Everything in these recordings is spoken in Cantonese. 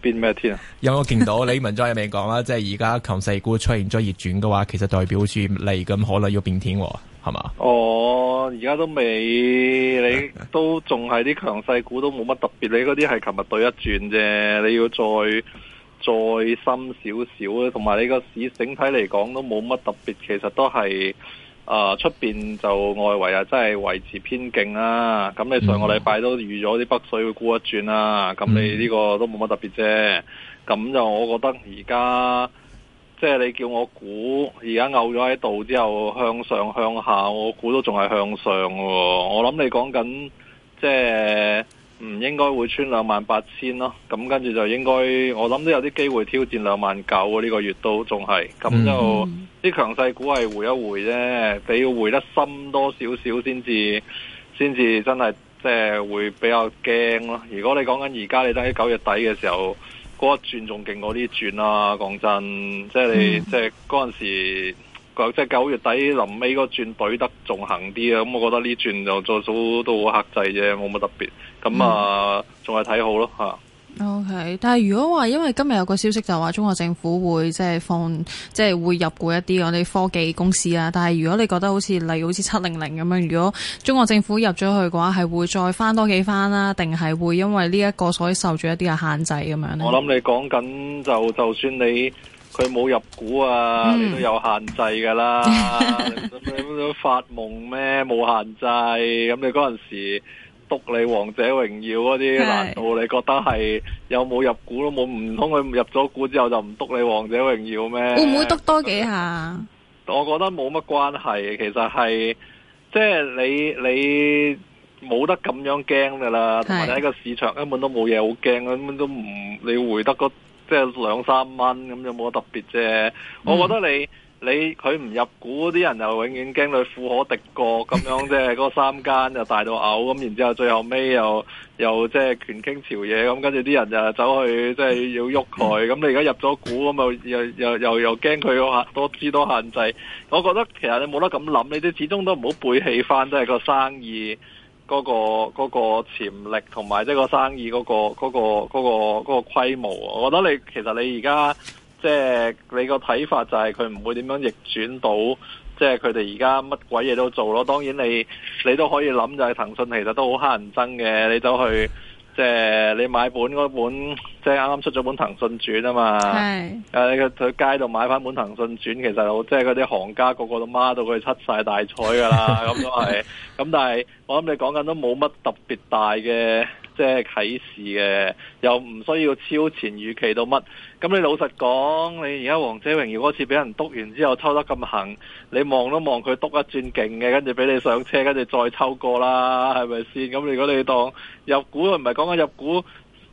變咩天啊？ 有冇見到李文莊有未講啦？即係而家強勢股出現咗逆轉嘅話，其實代表住嚟咁可能要變天，係嘛？哦，而家都未，你都仲係啲強勢股都冇乜特別，你嗰啲係琴日對一轉啫，你要再再深少少啊！同埋你個市整體嚟講都冇乜特別，其實都係。啊！出邊、呃、就外圍啊，真係維持偏勁啦、啊。咁你上個禮拜都預咗啲北水會沽一轉啦、啊。咁、嗯、你呢個都冇乜特別啫、啊。咁就我覺得而家，即係你叫我估，而家漚咗喺度之後，向上向下，我估都仲係向上嘅、啊。我諗你講緊即係。唔應該會穿兩萬八千咯，咁跟住就應該我諗都有啲機會挑戰兩萬九喎。呢個月都仲係，咁就啲、mm hmm. 強勢股係回一回啫，你要回得深多少少先至，先至真係即係會比較驚咯。如果你講緊而家你都喺九月底嘅時候，嗰一轉仲勁過啲轉啦。講真，即係、mm hmm. 即係嗰陣時。即係九月底臨尾嗰轉，對得仲行啲啊！咁、嗯、我覺得呢轉就做數都好克制啫，冇乜特別。咁、嗯、啊，仲係睇好咯嚇。O K，但係如果話因為今日有個消息就話中國政府會即係放即係會入股一啲我啲科技公司啊。但係如果你覺得好似例如好似七零零咁樣，如果中國政府入咗去嘅話，係會再翻多幾翻啦、啊，定係會因為呢一個所以受住一啲嘅限制咁樣呢？我諗你講緊就就算你。佢冇入股啊，嗯、你都有限制噶啦。 你咁樣發夢咩？冇限制。咁你嗰陣時篤你王者榮耀嗰啲，難度是，你覺得係有冇入股都冇？唔通佢入咗股之後就唔篤你王者榮耀咩？會唔會篤多幾下？我覺得冇乜關係。其實係即係你你冇得咁樣驚噶啦。同埋你喺個市場根本都冇嘢好驚，根本都唔你回得、個。即係兩三蚊咁就冇乜特別啫。我覺得你你佢唔入股啲人又永遠驚佢富可敵國咁樣即係。嗰三間又大到嘔咁，然之後最後尾又又即係權傾朝野咁，跟住啲人就走去即係要喐佢。咁你而家入咗股咁啊，又又又又驚佢多多資多限制。我覺得其實你冇得咁諗，你都始終都唔好背棄翻，都係個生意。嗰個嗰個潛力同埋即係個生意嗰個嗰個嗰個嗰個規模啊，我覺得你其實你而家即係你個睇法就係佢唔會點樣逆轉到，即係佢哋而家乜鬼嘢都做咯。當然你你都可以諗就係騰訊其實都好乞人憎嘅，你走去。即係你買本嗰本，即係啱啱出咗本騰訊傳啊嘛，誒是，佢喺、啊、街度買翻本騰訊傳，其實即係嗰啲行家個個都孖到佢出晒大彩噶啦，咁 都係，咁但係我諗你講緊都冇乜特別大嘅。即係啟示嘅，又唔需要超前預期到乜。咁你老實講，你而家《王者榮耀》嗰次俾人督完之後抽得咁行，你望都望佢督一轉勁嘅，跟住俾你上車，跟住再抽過啦，係咪先？咁如果你當入股，唔係講緊入股。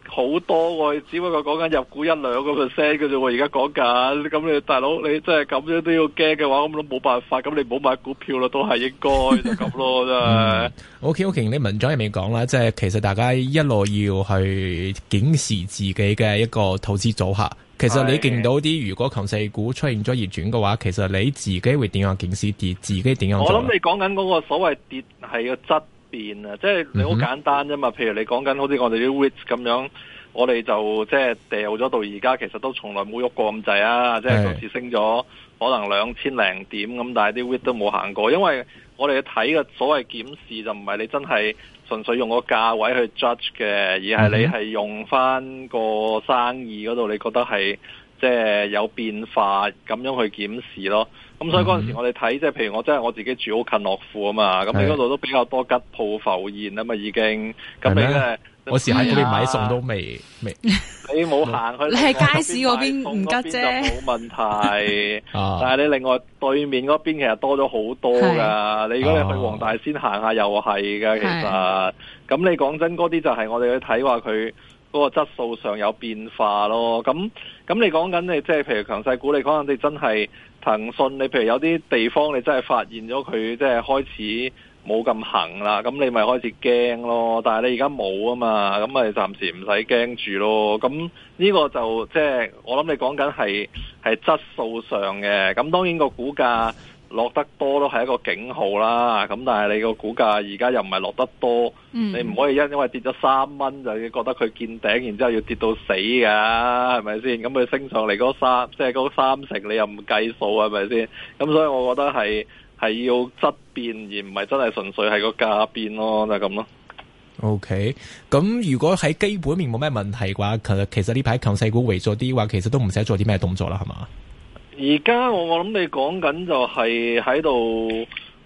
好多喎，只不過講緊入股一兩個 percent 嘅啫喎，而家講緊。咁你大佬，你真係咁樣都要驚嘅話，咁都冇辦法，咁你唔好買股票啦，都係應該就咁咯，真係、 嗯。OK OK，你文章入面講啦，即係其實大家一路要去警示自己嘅一個投資組合。其實你見到啲如果強勢股出現咗逆轉嘅話，其實你自己會點樣警示？跌自己點樣？我諗你講緊嗰個所謂跌係個質。變啊！Mm hmm. 即係你好簡單啫嘛。譬如你講緊好似我哋啲 REIT 咁樣，我哋就即係掉咗到而家，其實都從來冇喐過咁滯啊！Mm hmm. 即係上次升咗可能兩千零點咁，但係啲 REIT 都冇行過。因為我哋睇嘅所謂檢視就唔係你真係純粹用個價位去 judge 嘅，而係你係用翻個生意嗰度，你覺得係。即係有變化咁樣去檢視咯，咁所以嗰陣時我哋睇即係譬如我真係我自己住好近樂富啊嘛，咁你嗰度都比較多吉鋪浮現啊嘛已經，咁你咧我時喺嗰邊買餸都未未，你冇行去，你喺街市嗰邊唔吉啫，冇問題，但係你另外對面嗰邊其實多咗好多㗎，你如果你去黃大仙行下又係㗎，其實，咁你講真嗰啲就係我哋去睇話佢。嗰個質素上有變化咯，咁咁你講緊你即係譬如強勢股，你講緊你真係騰訊，你譬如有啲地方你真係發現咗佢即係開始冇咁行啦，咁你咪開始驚咯。但係你而家冇啊嘛，咁咪暫時唔使驚住咯。咁呢個就即係我諗你講緊係係質素上嘅，咁當然個股價落得多都係一個警號啦，咁但係你個股價而家又唔係落得多，嗯、你唔可以因因為跌咗三蚊就要覺得佢見頂，然之後要跌到死㗎，係咪先？咁佢升上嚟嗰三，即係嗰三成，你又唔計數，係咪先？咁所以我覺得係係要質變，而唔係真係純粹係個價變咯，就係咁咯。OK，咁如果喺基本面冇咩問題嘅話，其實其實呢排強勢股圍咗啲話，其實都唔使做啲咩動作啦，係嘛？而家我我諗你講緊就係喺度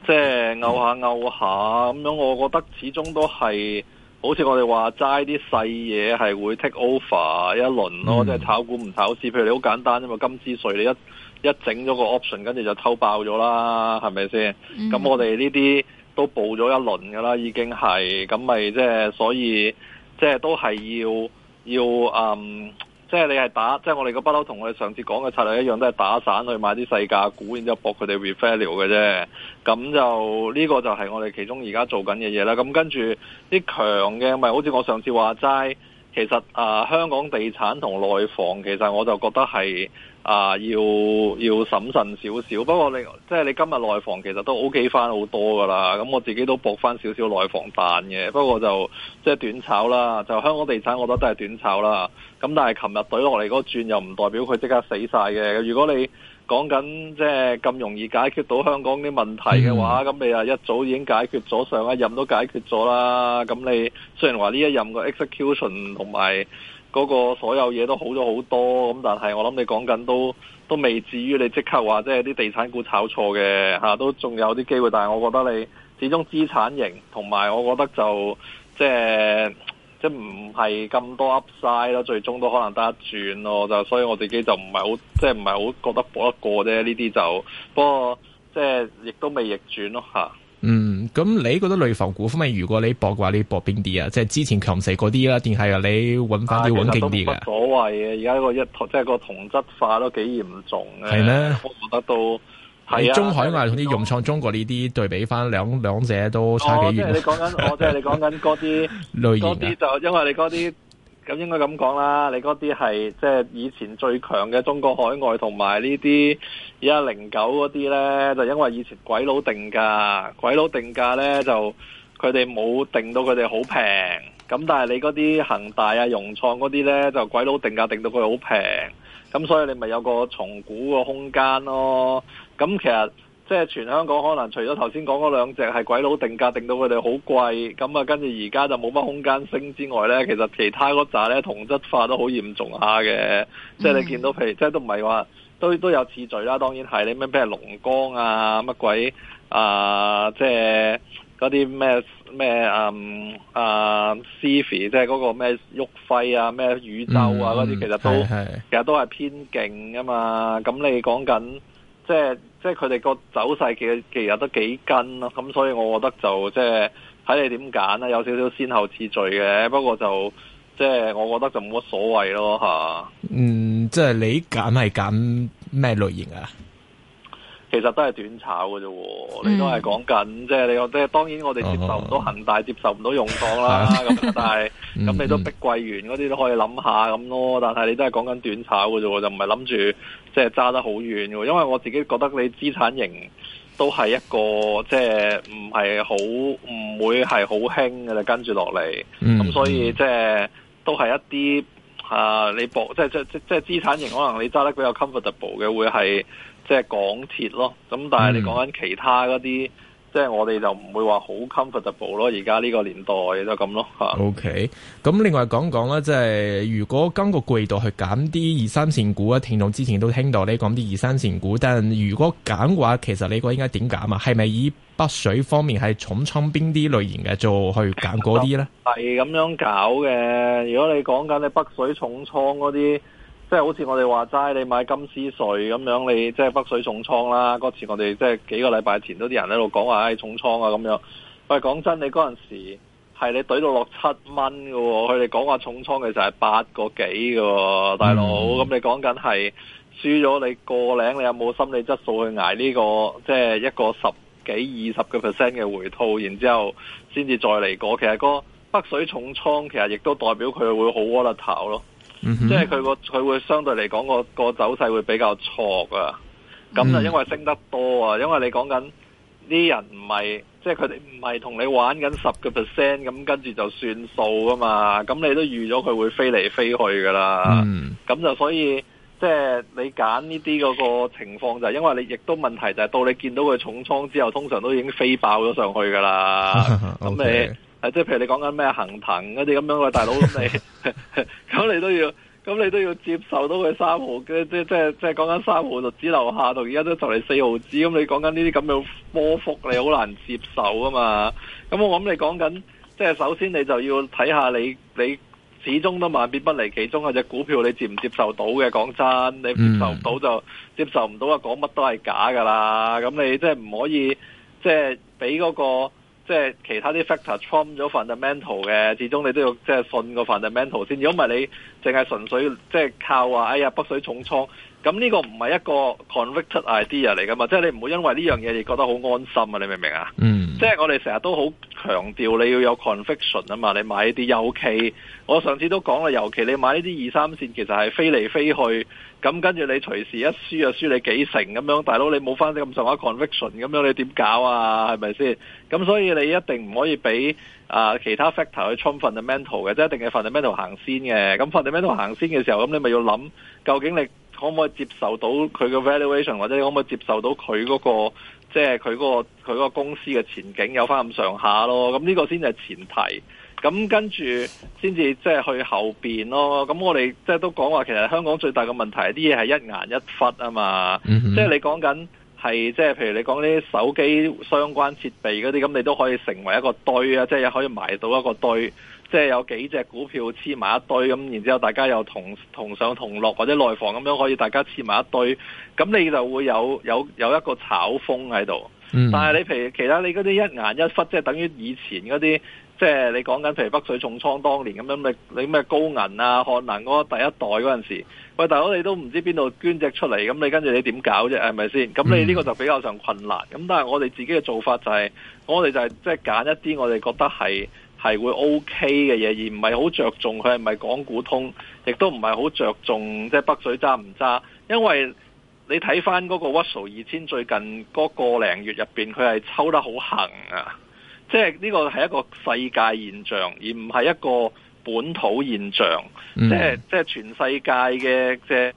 即係拗下拗下咁樣，我覺得始終都係，好似我哋話齋啲細嘢係會 take over 一輪咯，即係、嗯、炒股唔炒市。譬如你好簡單啫嘛，金枝稅你一一,一整咗個 option，跟住就抽爆咗啦，係咪先？咁、嗯、我哋呢啲都報咗一輪噶啦，已經係，咁咪即係所以即係、就是、都係要要嗯。即係你係打，即係我哋個不嬲同我哋上次講嘅策略一樣，都係打散去買啲細價股，然之後搏佢哋 referral 嘅啫。咁就呢、這個就係我哋其中而家做緊嘅嘢啦。咁跟住啲強嘅咪好似我上次話齋，其實啊、呃，香港地產同內房，其實我就覺得係。啊，要要審慎少少。不過你即係你今日內房其實都 OK 翻好多㗎啦。咁我自己都搏翻少少內房彈嘅。不過就即係短炒啦。就香港地產我覺得都係短炒啦。咁但係琴日懟落嚟嗰轉又唔代表佢即刻死晒嘅。如果你講緊即係咁容易解決到香港啲問題嘅話，咁、嗯、你啊一早已經解決咗上一任都解決咗啦。咁你雖然話呢一任個 execution 同埋。嗰個所有嘢都好咗好多，咁但係我諗你講緊都都未至於你即刻話，即係啲地產股炒錯嘅嚇、啊，都仲有啲機會。但係我覺得你始終資產型，同埋我覺得就即係即係唔係咁多 upside 咯，最終都可能得一轉咯。就、啊、所以我自己就唔係好即係唔係好覺得搏得過啫。呢啲就不過即係亦都未逆轉咯嚇。啊。嗯，咁你覺得內房股方面，如果你博嘅話，你博邊啲啊？即係之前強勢嗰啲啦，定係你揾翻啲穩勁啲嘅？所謂嘅，而家個一即係、就是、個同質化都幾嚴重嘅。係咧呢，我覺得都啊，中海外，同啲融創、中國呢啲對比翻，兩兩者都差幾遠。我即係你講緊，我即係你講緊嗰啲，嗰啲就因為你啲。咁應該咁講啦，你嗰啲係即係以前最強嘅中國海外同埋呢啲，而家零九嗰啲呢，就因為以前鬼佬定價，鬼佬定價呢，就佢哋冇定到佢哋好平，咁但係你嗰啲恒大啊、融創嗰啲呢，就鬼佬定價定到佢好平，咁所以你咪有個重估個空間咯，咁其實。即係全香港可能除咗頭先講嗰兩隻係鬼佬定價定到佢哋好貴，咁啊跟住而家就冇乜空間升之外咧，其實其他嗰扎咧同質化都好嚴重下嘅。即係你見到譬如，即係都唔係話都都有次序啦。當然係你咩咩龍光啊乜鬼、呃嗯、啊，ifi, 即係嗰啲咩咩啊啊 CIFI 即係嗰個咩旭輝啊咩宇宙啊嗰啲，其實都、嗯、其實都係偏勁啊嘛。咁你講緊即係。即係佢哋個走勢嘅其實都幾跟咯，咁、嗯、所以我覺得就即係睇你點揀啦，有少少先後次序嘅，不過就即係我覺得就冇乜所謂咯吓？啊、嗯，即係你揀係揀咩類型啊？其實都係短炒嘅啫，嗯、你都係講緊，即係你即係當然我哋接受唔到恒大，接受唔到融創啦咁。但係咁你都碧桂園嗰啲都可以諗下咁咯。但係你都係講緊短炒嘅啫，就唔係諗住即係揸得好遠。因為我自己覺得你資產型都係一個即係唔係好唔會係好興嘅，跟住落嚟咁，嗯嗯、所以即係、就是、都係一啲啊你博即係即係即係資產型，可能你揸得比較 comfortable 嘅會係。即係港鐵咯，咁但係你講緊其他嗰啲，嗯、即係我哋就唔會話好 comfortable 咯。而家呢個年代就咁咯。OK，咁另外講講啦。即係如果今個季度去揀啲二三線股啊，聽眾之前都聽到你講啲二三線股，但係如果揀嘅話，其實你個應該點揀啊？係咪以北水方面係重倉邊啲類型嘅做去揀嗰啲呢？係咁樣搞嘅。如果你講緊你北水重倉嗰啲。即係好似我哋話齋，你買金絲穗咁樣，你即係北水重倉啦。嗰次我哋即係幾個禮拜前都啲人喺度講話，唉、哎、重倉啊咁樣。喂，係講真，你嗰陣時係你賬到落七蚊㗎喎，佢哋講話重倉其實係八個幾㗎喎，大佬。咁、嗯、你講緊係輸咗你過檯，你有冇心理質素去挨呢、這個即係一個十幾二十個 percent 嘅回吐？然之後先至再嚟過。其實個北水重倉其實亦都代表佢會好 volatile 咯。嗯、即係佢個佢會相對嚟講個個走勢會比較錯噶，咁就因為升得多啊，因為你講緊啲人唔係，即係佢哋唔係同你玩緊十個 percent，咁跟住就算數噶嘛，咁你都預咗佢會飛嚟飛去噶啦，咁就所以即係你揀呢啲嗰個情況就係，因為你亦都問題就係、是，到你見到佢重倉之後，通常都已經飛爆咗上去噶啦，咁 Okay. 你。即係譬如你講緊咩恆騰嗰啲咁樣，喂，大佬，咁你咁 你都要咁你都要接受到佢三毫嘅，即即即係講緊三毫就止樓下度，而家都就嚟四毫止咁，嗯、你講緊呢啲咁樣波幅你好難接受啊嘛。咁我諗你講緊即係首先你就要睇下你你始終都萬變不離其宗，嗰隻股票你接唔接受到嘅。講真，你接受到就，mm. 接受唔到啊，講乜都係假噶啦。咁你即係唔可以即係俾嗰個。即係其他啲 factor，trump 咗 fundamental 嘅，始終你都要即係信個 fundamental 先。如果唔係，你淨係純粹即係靠話哎呀北水重倉。咁呢個唔係一個 convicted idea 嚟㗎嘛，即係你唔會因為呢樣嘢而覺得好安心啊！你明唔明啊？嗯，mm. 即係我哋成日都好強調你要有 conviction 啊嘛，你買啲，尤其我上次都講啦，尤其你買呢啲二三線，其實係飛嚟飛去，咁跟住你隨時一輸就輸你幾成咁樣，大佬你冇翻啲咁上下 conviction 咁樣，你點搞啊？係咪先？咁所以你一定唔可以俾啊、呃、其他 factor 去沖昏你 mental 嘅，即係一定係 fundamental 行先嘅。咁 fundamental 行先嘅時候，咁你咪要諗究竟你。可唔可以接受到佢嘅 valuation，或者可唔可以接受到佢嗰、嗰個，即係佢嗰個佢嗰個公司嘅前景有翻咁上下咯？咁、嗯、呢、這個先係前提，咁、嗯、跟住先至即係去後邊咯。咁我哋即係都講話，其實香港最大嘅問題啲嘢係一顏一忽啊嘛。即係你講緊係即係譬如你講啲手機相關設備嗰啲，咁、嗯、你都可以成為一個堆啊，即係可以埋到一個堆。即係有幾隻股票黐埋一堆咁，然之後大家又同同上同落或者內房咁樣可以大家黐埋一堆，咁你就會有有有一個炒風喺度。嗯、但係你譬如其他你嗰啲一言一忽，即係等於以前嗰啲，即係你講緊譬如北水重倉當年咁樣，嘅，你咩高銀啊、漢能嗰個第一代嗰陣時，喂大佬你都唔知邊度捐隻出嚟，咁你跟住你點搞啫？係咪先？咁你呢個就比較上困難。咁但係我哋自己嘅做法就係、是，我哋就係即係揀一啲我哋覺得係係會 O K 嘅嘢，而唔係好着重佢係咪港股通，亦都唔係好着重即係北水揸唔揸，因為你睇翻嗰個 Russell 二千最近嗰個零月入邊，佢係抽得好行啊！即係呢個係一個世界現象，而唔係一個本土現象。即係即係全世界嘅即係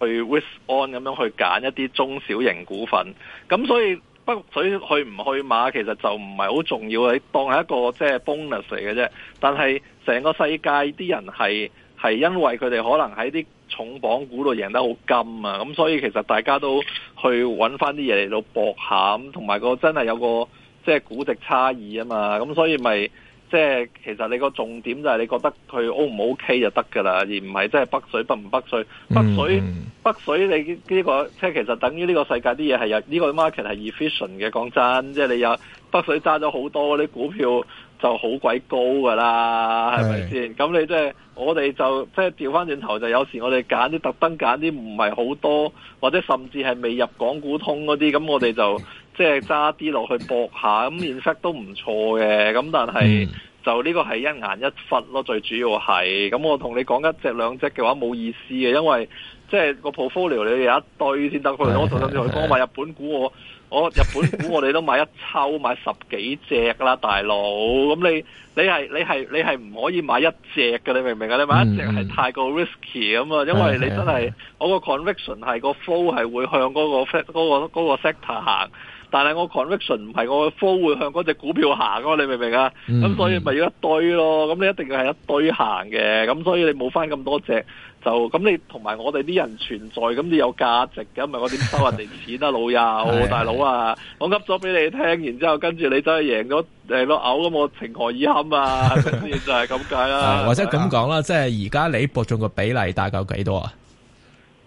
去 Wiscon 咁樣去揀一啲中小型股份，咁所以。不過，所以去唔去馬其實就唔係好重要，你當係一個即係 bonus 嚟嘅啫。但係成個世界啲人係係因為佢哋可能喺啲重磅股度贏得好金啊，咁所以其實大家都去搵返啲嘢嚟到搏下，同埋個真係有個即係估值差異啊嘛，咁所以咪、就是。即係其實你個重點就係你覺得佢 O 唔 O K 就得㗎啦，而唔係即係北水北唔北水，北水、嗯、北水你呢個即係其實等於呢個世界啲嘢係有呢個 market 係 efficient 嘅。講真，即係你有北水揸咗好多啲股票，就好鬼高㗎啦，係咪先？咁你即係我哋就即係調翻轉頭，就有時我哋揀啲特登揀啲唔係好多，或者甚至係未入港股通嗰啲，咁我哋就。嗯。即係揸啲落去搏下，咁面色都唔錯嘅。咁但係就呢個係一言一髮咯，最主要係咁、嗯。我同你講一隻兩隻嘅話冇意思嘅，因為即係、個 portfolio 你有一堆先得。佢 我頭先同你講我買日本股我，我我日本股我哋都買一抽買十幾隻啦，大佬。咁、嗯、你你係你係你係唔可以買一隻嘅，你明唔明啊？你買一隻係太過 risky 咁啊，因為你真係我個 conviction 係、個 flow 係會向嗰、個 s 嗰、個嗰、個個 sector 行。但係我 conviction 唔係我 flow 會向嗰隻股票行噶、啊、你明唔明啊？咁、嗯、所以咪要一堆咯。咁你一定要係一堆行嘅。咁所以你冇翻咁多隻，就咁你同埋我哋啲人存在，咁你有價值嘅，咪我點收人哋錢啊？ 老友的大佬啊，我噏咗俾你聽，然之後跟住你真係贏咗，贏到嘔咁，我情何以堪啊？跟住 就係咁解啦。或者咁講啦，即係而家你博中嘅比例大概幾多啊？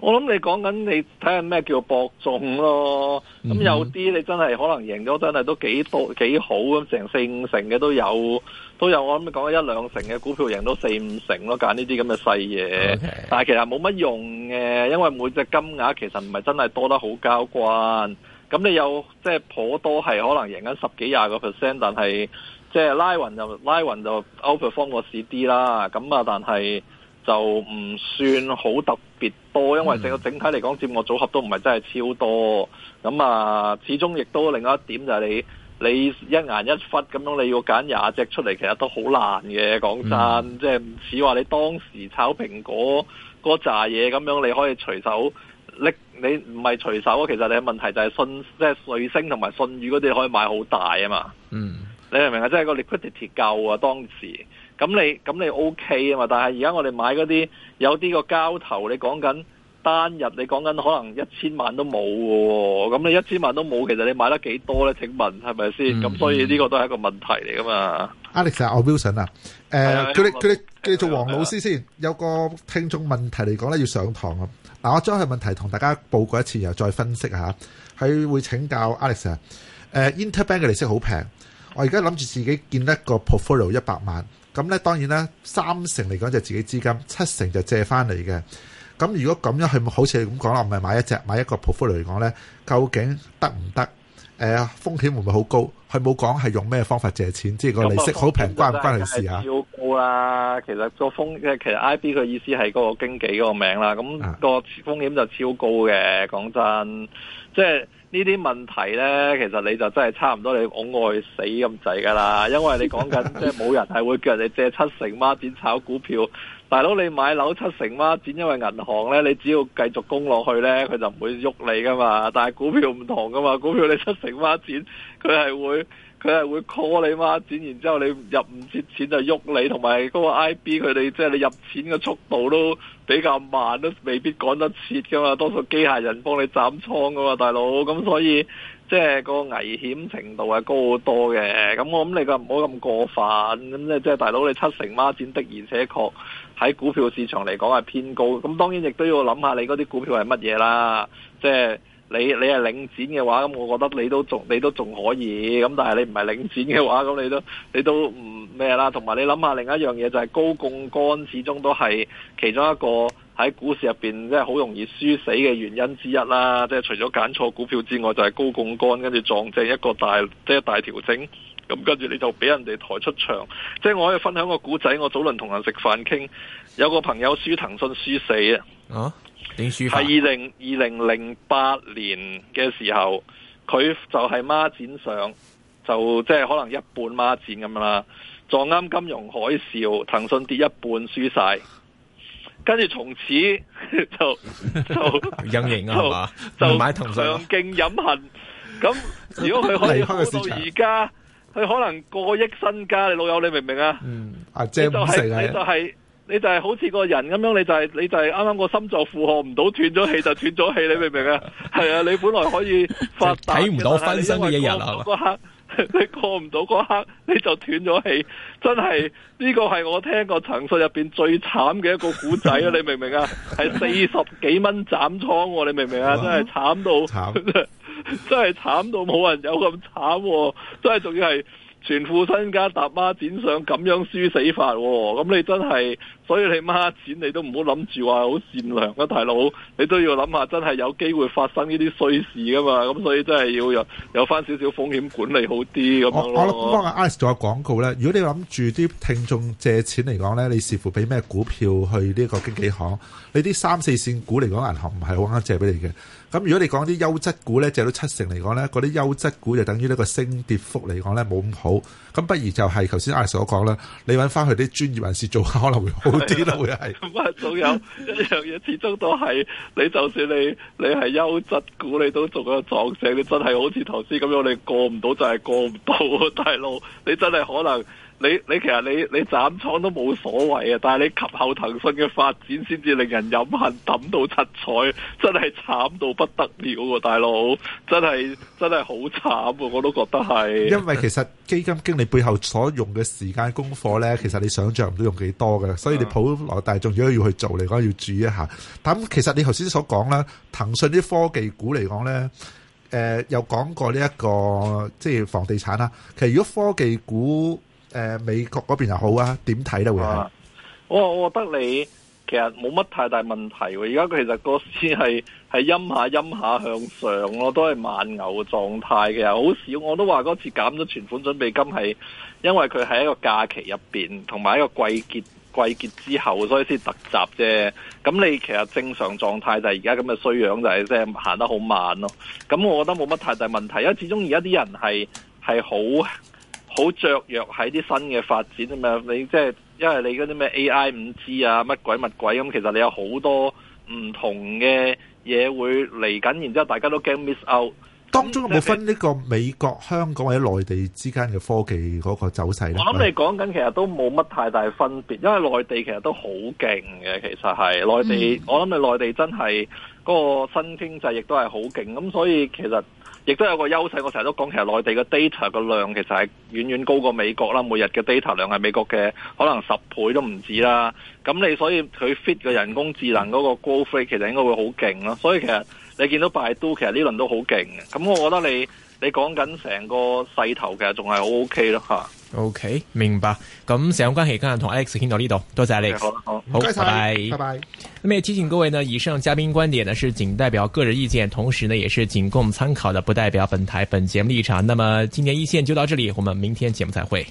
我諗你講緊你睇下咩叫博中咯，咁有啲你真係可能贏咗，真係都幾多幾好咁，成四五成嘅都有，都有我諗你講一兩成嘅股票贏到四五成咯，揀呢啲咁嘅細嘢，Okay. 但係其實冇乜用嘅，因為每隻金額其實唔係真係多得好交關，咁你有即係頗多係可能贏緊十幾廿個 percent，但係即係拉勻就拉勻就 over 方個市啲啦，咁啊，但係。就唔算好特別多，因為整個整體嚟講，佔我組合都唔係真係超多。咁、嗯、啊，始終亦都另外一點就係你，你一眼一忽咁樣，你要揀廿隻出嚟，其實都好難嘅。講真，嗯、即係唔似話你當時炒蘋果嗰扎嘢咁樣，你可以隨手拎。你唔係隨手，其實你問題就係信，即係瑞星同埋信譽嗰啲可以買好大啊嘛。嗯，你明唔明啊？即係個 liquidity 夠啊，當時。咁你咁你 O K 啊嘛？但係而家我哋買嗰啲有啲個交投，你講緊單日，你講緊可能一千萬都冇喎。咁你一千萬都冇，其實你買得幾多咧？請問係咪先？咁、嗯嗯、所以呢個都係一個問題嚟噶嘛？Alex，我 Wilson 啊，誒、啊，佢哋佢哋繼續黃老師先的有個聽眾問題嚟講咧，要上堂啊。嗱，我將佢問題同大家報告一次，然後再分析下。佢會請教 Alex，誒、啊、，Interbank 嘅利息好平。我而家諗住自己建一個 portfolio 一百萬。咁咧當然咧，三成嚟講就自己資金，七成就借翻嚟嘅。咁如果咁樣係，好似你咁講啦，唔係買一隻，買一個 portfolio 嚟講咧，究竟得唔得？誒風險會唔會好高？佢冇講係用咩方法借錢，即係個利息好平，有有關唔關佢事啊？超高啦！其實個風，即係其實 IB 嘅意思係嗰個經紀個名啦。咁個風險就超高嘅，講真，即係。呢啲問題咧，其實你就真係差唔多你往外死咁滯噶啦，因為你講緊即係冇人係會叫人哋借七成孖展炒股票。大佬，你買樓七成孖展，因為銀行咧，你只要繼續供落去咧，佢就唔會喐你噶嘛。但係股票唔同噶嘛，股票你七成孖展，佢係會佢係會 call 你孖展，然之後你入唔切錢就喐你，同埋嗰個 IB 佢哋即係你入錢嘅速度都比較慢，都未必趕得切噶嘛。多數機械人幫你斬倉噶嘛，大佬，咁所以即係、就是、個危險程度係高好多嘅。咁我諗你個唔好咁過分咁咧，即係、就是、大佬你七成孖展的而且確，確。喺股票市場嚟講係偏高，咁當然亦都要諗下你嗰啲股票係乜嘢啦。即係你你係領展嘅話，咁我覺得你都仲你都仲可以。咁但係你唔係領展嘅話，咁你都你都唔咩啦。同埋你諗下另一樣嘢，就係高槓桿，始終都係其中一個喺股市入邊即係好容易輸死嘅原因之一啦。即係除咗揀錯股票之外，就係高槓桿跟住撞正一個大即係大調整。咁跟住你就俾人哋抬出場，即係我可以分享個古仔。我早輪同人食飯傾，有個朋友輸騰訊輸死啊！點輸？係二零二零零八年嘅時候，佢就係孖展上，就即係可能一半孖展咁啦，撞啱金融海嘯，騰訊跌一半輸晒。跟住從此就就陰影啊嘛，就勁飲恨。咁如果佢可以到而家。 佢可能過億身家，你老友你明唔明啊？嗯、就係你就係，你就係、是、你就係你就係好似個人咁樣，你就係、是、你就係啱啱個心臟負荷唔到，斷咗氣就斷咗氣，你明唔明啊？係啊， 你本來可以發達睇唔 到翻身嘅一日啊！ 你過唔到嗰刻，你就斷咗氣，真係呢個係我聽過陳述入邊最慘嘅一個古仔啊！你明唔明啊？係 四十幾蚊斬倉，你明唔明啊？真係慘到，真係慘到冇人有咁慘，真係仲要係全副身家搭孖展上咁樣輸死法啊，咁你真係。所以你孖錢，你都唔好諗住話好善良啊，大佬！你都要諗下，真係有機會發生呢啲衰事噶嘛？咁所以真係要有有翻少少風險管理好啲咁我樣咯。我幫阿 Alice 做下廣告咧。如果你諗住啲聽眾借錢嚟講咧，你視乎俾咩股票去呢個經紀行？你啲三四線股嚟講，銀行唔係好啱借俾你嘅。咁如果你講啲優質股咧，借到七成嚟講咧，嗰啲優質股就等於呢個升跌幅嚟講咧冇咁好。咁不如就係頭先 Alice 所講啦，你揾翻佢啲專業人士做，可能會好。 自然會係，唔係總有一樣嘢，始終都係你。就算你你係優質股，你都仲有撞醒，你真係好似頭先咁樣，你過唔到就係過唔到啊，大佬！你真係可能。你你其實你你斬倉都冇所謂啊，但係你及後騰訊嘅發展先至令人飲恨抌到七彩，真係慘到不得了啊，大佬真係真係好慘啊！我都覺得係。因為其實基金經理背後所用嘅時間功課咧，其實你想象唔到用幾多噶，所以你普羅大眾如果要去做嚟講，要注意一下。咁其實你頭先所講啦，騰訊啲科技股嚟講咧，誒有講過呢、這、一個即係房地產啦。其實如果科技股，誒、呃，美國嗰邊又好啊？點睇都會我我覺得你其實冇乜太大問題。而家佢其實個市係係陰下陰下向上咯，都係慢牛嘅狀態嘅。好少我都話嗰次減咗存款準備金係，因為佢係一個假期入邊，同埋一個季結季結之後，所以先突襲啫。咁你其實正常狀態就係而家咁嘅衰樣，樣就是就是，就係即係行得好慢咯。咁我覺得冇乜太大問題，因為始終而家啲人係係好。好雀躍喺啲新嘅發展啊嘛！你即係因為你嗰啲咩 AI 5G 啊，乜鬼乜鬼咁，其實你有好多唔同嘅嘢會嚟緊，然之後大家都驚 miss out。當中有冇分呢個美國、香港或者內地之間嘅科技嗰個走勢呢？我諗你講緊其實都冇乜太大分別，因為內地其實都好勁嘅，其實係內地。嗯、我諗你內地真係嗰個新經濟亦都係好勁，咁所以其實。亦都有個優勢，我成日都講，其實內地嘅 data 個量其實係遠遠高過美國啦，每日嘅 data 量係美國嘅可能十倍都唔止啦。咁你所以佢 fit 嘅人工智能嗰個 growth 其實應該會好勁咯。所以其實你見到百度其實呢輪都好勁嘅，咁我覺得你你講緊成個勢頭其實仲係好 OK 咯嚇。OK，明白。咁以上關係今日同 Alex 傾到呢度，多謝你。Okay, 好，好，唔該晒，拜拜。咁亦提醒各位呢，以上嘉賓觀點呢是僅代表個人意見，同時呢也是僅供參考的，不代表本台本節目立場。那麼今天一線就到這裏，我們明天節目再會。